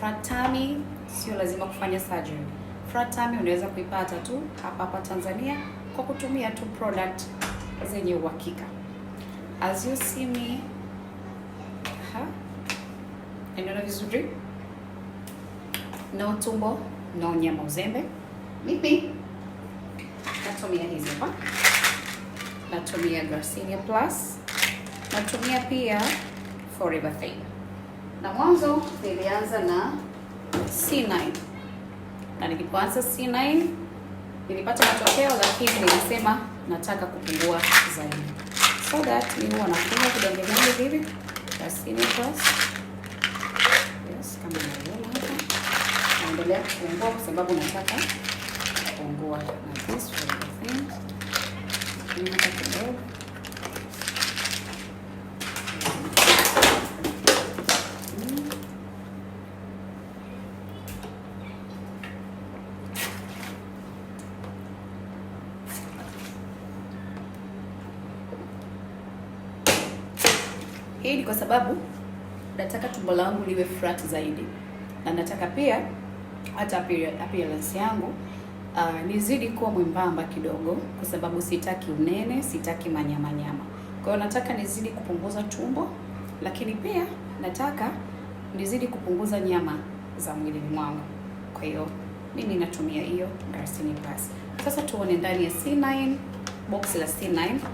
Flat tummy sio lazima kufanya surgery. Flat tummy unaweza kuipata tu hapa hapa Tanzania kwa kutumia tu product zenye uhakika. As you see me, aha, inaona vizuri, na utumbo na nyama uzembe. Mimi natumia hizi hapa, natumia Garcinia Plus, natumia pia Forever Thane na mwanzo nilianza na C9 na nilipoanza C9 nilipata matokeo, lakini nilisema nataka kupungua zaidi, so that mimi huwa nafunga vidonge vyangu hivi yes, kama naiona hapa, naendelea kupungua kwa sababu nataka kupungua na this Hii ni kwa sababu nataka tumbo langu liwe flat zaidi, na nataka pia hata appearance yangu uh, nizidi kuwa mwembamba kidogo, kwa sababu sitaki unene, sitaki manyamanyama. Kwa hiyo nataka nizidi kupunguza tumbo, lakini pia nataka nizidi kupunguza nyama za mwili mwangu. Kwa hiyo mimi natumia hiyo Garcinia Plus. Sasa tuone ndani ya C9 box la C9